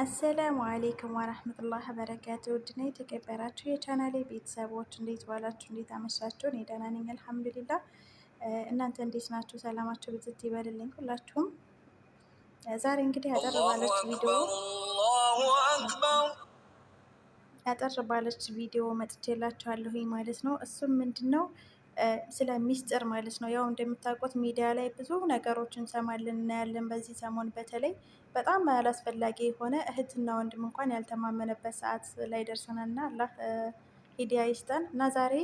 አሰላሙ አሌይኩም ወራህመቱላህ በረካቱ። ውድና የተከበራችሁ የቻናሌ ቤተሰቦች እንዴት ዋላችሁ? እንዴት አመሻችሁ? እኔ ደህና ነኝ አልሐምዱሊላህ። እናንተ እንዴት ናችሁ? ሰላማችሁ ብዝት ይበልልኝ ሁላችሁም። ዛሬ እንግዲህ አጠር ባለች ቪዲዮ አጠር ባለች ቪዲዮ መጥቼላችኋለሁ ማለት ነው። እሱም ምንድን ነው ስለ ሚስጥር ማለት ነው። ያው እንደምታውቁት ሚዲያ ላይ ብዙ ነገሮች እንሰማለን እናያለን። በዚህ ሰሞን በተለይ በጣም አላስፈላጊ የሆነ እህትና ወንድም እንኳን ያልተማመነበት ሰዓት ላይ ደርሰናልና አላህ ሂዲያ ይስጠን እና ዛሬ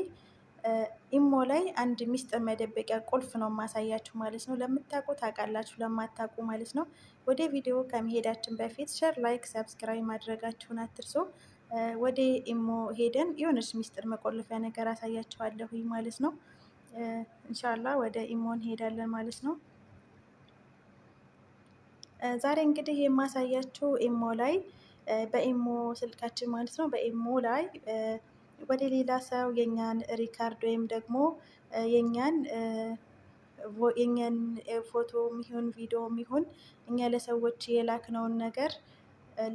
ኢሞ ላይ አንድ ሚስጥር መደበቂያ ቁልፍ ነው ማሳያችሁ ማለት ነው። ለምታውቁ ታውቃላችሁ፣ ለማታውቁ ማለት ነው። ወደ ቪዲዮ ከመሄዳችን በፊት ሸር፣ ላይክ፣ ሰብስክራይብ ማድረጋችሁን አትርሱ። ወደ ኢሞ ሄደን የሆነች ሚስጥር መቆለፊያ ነገር አሳያቸዋለሁኝ ማለት ነው። እንሻላ ወደ ኢሞ እንሄዳለን ማለት ነው። ዛሬ እንግዲህ የማሳያችሁ ኢሞ ላይ በኢሞ ስልካችን ማለት ነው በኢሞ ላይ ወደ ሌላ ሰው የኛን ሪካርድ ወይም ደግሞ የኛን የኛን ፎቶ የሚሆን ቪዲዮ የሚሆን እኛ ለሰዎች የላክነውን ነገር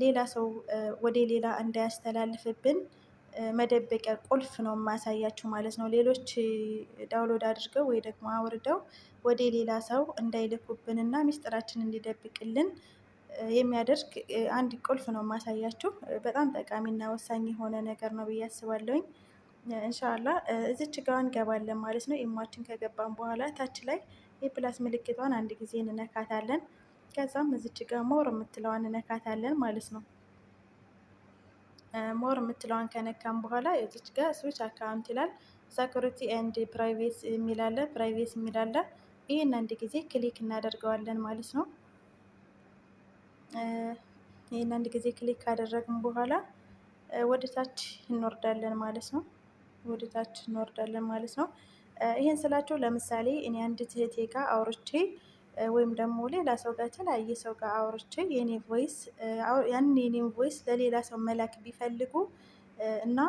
ሌላ ሰው ወደ ሌላ እንዳያስተላልፍብን መደበቂያ ቁልፍ ነው የማሳያችሁ ማለት ነው። ሌሎች ዳውንሎድ አድርገው ወይ ደግሞ አውርደው ወደ ሌላ ሰው እንዳይልኩብን እና ሚስጥራችን እንዲደብቅልን የሚያደርግ አንድ ቁልፍ ነው የማሳያችሁ። በጣም ጠቃሚና ወሳኝ የሆነ ነገር ነው ብዬ አስባለሁኝ። እንሻላ እዚች ጋር እንገባለን ማለት ነው። ኢሟችን ከገባን በኋላ ታች ላይ የፕላስ ምልክቷን አንድ ጊዜ እንነካታለን። ከዛም እዚች ጋር ሞር የምትለዋን እነካታለን ማለት ነው። ሞር የምትለዋን ከነካም በኋላ እዚች ጋር ስዊች አካውንት ይላል። ሰኩሪቲ ኤንድ ፕራይቬት የሚላለ ፕራይቬት የሚላለ ይህን አንድ ጊዜ ክሊክ እናደርገዋለን ማለት ነው። ይህን አንድ ጊዜ ክሊክ ካደረግን በኋላ ወደ ታች እንወርዳለን ማለት ነው። ወደ ታች እንወርዳለን ማለት ነው። ይህን ስላቸው ለምሳሌ እኔ አንድ ትህቴ ጋር አውርቼ ወይም ደግሞ ሌላ ሰው ጋር የተለያየ ሰው ጋር አውርቼ የኔ ቮይስ ያንን የኔ ቮይስ ለሌላ ሰው መላክ ቢፈልጉ እና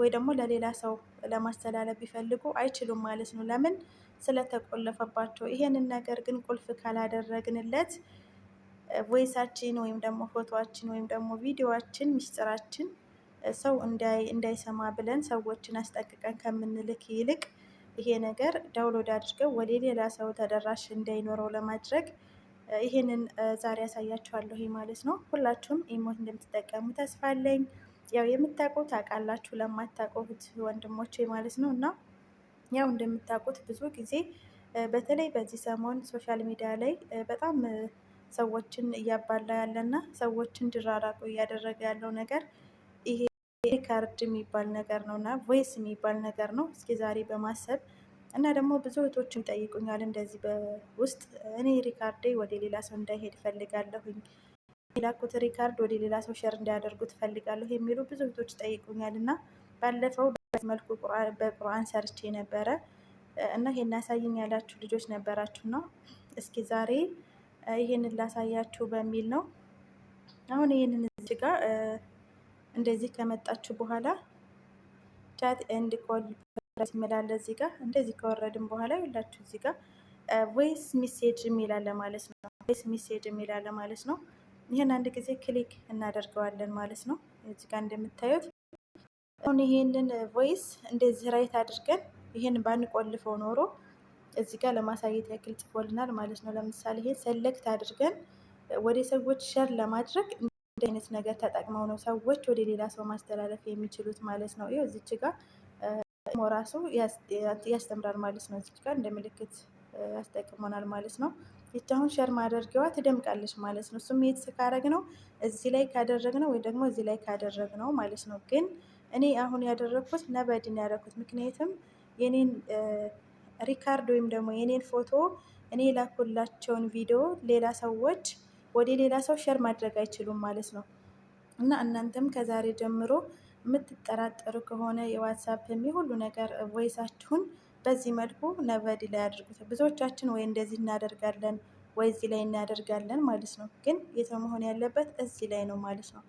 ወይ ደግሞ ለሌላ ሰው ለማስተላለፍ ቢፈልጉ አይችሉም ማለት ነው። ለምን ስለተቆለፈባቸው። ይሄንን ነገር ግን ቁልፍ ካላደረግንለት ቮይሳችን ወይም ደግሞ ፎቶዋችን ወይም ደግሞ ቪዲዮዋችን ምስጢራችን ሰው እንዳይሰማ ብለን ሰዎችን አስጠንቅቀን ከምንልክ ይልቅ ይሄ ነገር ዳውንሎድ አድርገው ወደ ሌላ ሰው ተደራሽ እንዳይኖረው ለማድረግ ይሄንን ዛሬ ያሳያችኋለሁ ማለት ነው። ሁላችሁም ኢሞት እንደምትጠቀሙ ተስፋ አለኝ። ያው የምታውቁት ታውቃላችሁ፣ ለማታውቁት ወንድሞቼ ማለት ነው እና ያው እንደምታውቁት ብዙ ጊዜ በተለይ በዚህ ሰሞን ሶሻል ሚዲያ ላይ በጣም ሰዎችን እያባላ ያለና ሰዎችን እንዲራራቁ እያደረገ ያለው ነገር ካርድ የሚባል ነገር ነው እና ቮይስ የሚባል ነገር ነው። እስኪ ዛሬ በማሰብ እና ደግሞ ብዙ እህቶችም ጠይቁኛል እንደዚህ በውስጥ እኔ ሪካርዴ ወደ ሌላ ሰው እንዳይሄድ ፈልጋለሁኝ የላኩት ሪካርድ ወደ ሌላ ሰው ሸር እንዳያደርጉት ፈልጋለሁ የሚሉ ብዙ እህቶች ጠይቁኛል እና ባለፈው መልኩ በቁርአን ሰርቼ ነበረ እና ይሄን አሳይኝ ያላችሁ ልጆች ነበራችሁ ነው። እስኪ ዛሬ ይህንን ላሳያችሁ በሚል ነው አሁን ይህንን እዚህ ጋር እንደዚህ ከመጣችሁ በኋላ ቻት ኤንድ ኮል ይላል እዚህ ጋር። እንደዚህ ከወረድን በኋላ ይላችሁ እዚህ ጋር ቮይስ ሚሴጅ የሚላለ ማለት ነው። ቮይስ ሚሴጅ የሚላለ ማለት ነው። ይህን አንድ ጊዜ ክሊክ እናደርገዋለን ማለት ነው። እዚህ ጋር እንደምታዩት አሁን ይሄንን ቮይስ እንደዚህ ራይት አድርገን ይሄን ባንቆልፈው ኖሮ እዚህ ጋር ለማሳየት ያክል ጽፎልናል ማለት ነው። ለምሳሌ ይሄን ሰለክት አድርገን ወደ ሰዎች ሸር ለማድረግ እንደዚህ አይነት ነገር ተጠቅመው ነው ሰዎች ወደ ሌላ ሰው ማስተላለፍ የሚችሉት ማለት ነው። ይኸው እዚች ጋር ሞ ራሱ ያስተምራል ማለት ነው። እዚች ጋር እንደ ምልክት ያስጠቅመናል ማለት ነው። ይች አሁን ሸር ማድረጊያዋ ትደምቃለች ማለት ነው። እሱም የት ነው እዚህ ላይ ካደረግነው ወይ ደግሞ እዚህ ላይ ካደረግ ነው ማለት ነው። ግን እኔ አሁን ያደረግኩት ነበድን ያደረኩት ምክንያትም የኔን ሪካርድ ወይም ደግሞ የኔን ፎቶ እኔ የላኩላቸውን ቪዲዮ ሌላ ሰዎች ወደ ሌላ ሰው ሸር ማድረግ አይችሉም ማለት ነው። እና እናንተም ከዛሬ ጀምሮ የምትጠራጠሩ ከሆነ የዋትሳፕም የሁሉ ነገር ቮይሳችሁን በዚህ መልኩ ነቨዲ ላይ አድርጉት። ብዙዎቻችን ወይ እንደዚህ እናደርጋለን ወይ እዚህ ላይ እናደርጋለን ማለት ነው። ግን የሰው መሆን ያለበት እዚህ ላይ ነው ማለት ነው።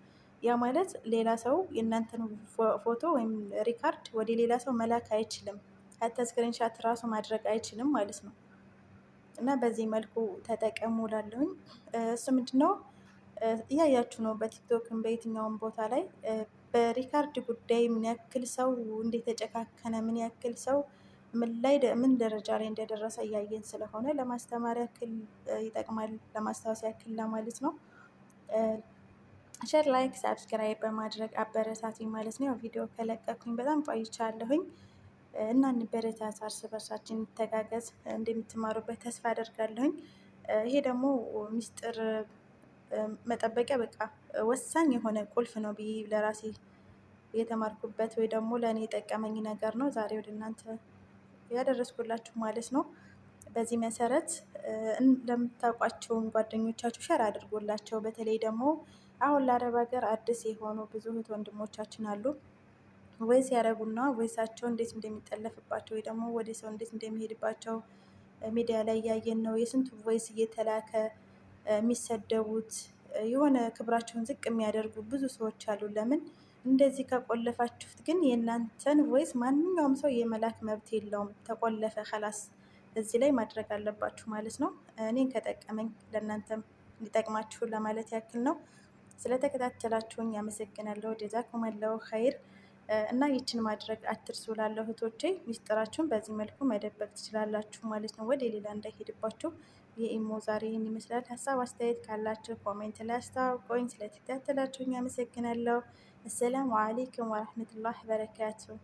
ያ ማለት ሌላ ሰው የእናንተን ፎቶ ወይም ሪካርድ ወደ ሌላ ሰው መላክ አይችልም። ሀታ ስክሪንሻት ራሱ ማድረግ አይችልም ማለት ነው። እና በዚህ መልኩ ተጠቀሙ ላለሁኝ እሱ ምንድን ነው እያያችሁ ነው። በቲክቶክን በየትኛውም ቦታ ላይ በሪካርድ ጉዳይ ምን ያክል ሰው እንደተጨካከነ ምን ያክል ሰው ምን ላይ ምን ደረጃ ላይ እንደደረሰ እያየን ስለሆነ ለማስተማር ያክል ይጠቅማል፣ ለማስታወስ ያክል ለማለት ነው። ሸር ላይክ፣ ሳብስክራይብ በማድረግ አበረታቱኝ ማለት ነው። ቪዲዮ ከለቀኩኝ በጣም ቆይቻለሁኝ። እና እንበረታታ፣ እርስ በርሳችን እንተጋገዝ። እንደምትማሩበት ተስፋ አደርጋለሁኝ። ይሄ ደግሞ ሚስጥር መጠበቂያ በቃ ወሳኝ የሆነ ቁልፍ ነው ብዬ ለራሴ የተማርኩበት ወይ ደግሞ ለእኔ የጠቀመኝ ነገር ነው ዛሬ ወደ እናንተ ያደረስኩላችሁ ማለት ነው። በዚህ መሰረት እንደምታውቋቸውን ጓደኞቻችሁ ሸር አድርጎላቸው። በተለይ ደግሞ አሁን ለአረብ ሀገር አዲስ የሆኑ ብዙ እህት ወንድሞቻችን አሉ። ወይስ ያደረጉና ቮይሳቸው እንዴት እንደሚጠለፍባቸው ወይ ደግሞ ወደ ሰው እንዴት እንደሚሄድባቸው ሚዲያ ላይ እያየን ነው። የስንቱ ቮይስ እየተላከ የሚሰደቡት የሆነ ክብራቸውን ዝቅ የሚያደርጉ ብዙ ሰዎች አሉ። ለምን እንደዚህ ከቆለፋችሁት ግን የእናንተን ቮይስ ማንኛውም ሰው የመላክ መብት የለውም። ተቆለፈ ከላስ እዚህ ላይ ማድረግ አለባችሁ ማለት ነው። እኔን ከጠቀመኝ ለእናንተም እንዲጠቅማችሁን ለማለት ያክል ነው። ስለተከታተላችሁኝ ያመሰግናለሁ። ጀዛኩሙላሁ ኸይር። እና ይችን ማድረግ አትርሱ። ላለው እህቶቼ ሚስጥራችሁን በዚህ መልኩ መደበቅ ትችላላችሁ ማለት ነው። ወደ ሌላ እንዳይሄድባችሁ። የኢሞ ዛሬ ይህን ይመስላል። ሀሳብ አስተያየት ካላችሁ ኮሜንት ላይ አስታውቆኝ። ስለተከታተላችሁኝ አመሰግናለሁ። አሰላሙ አሌይኩም ወረህመቱላህ በረካቱሁ።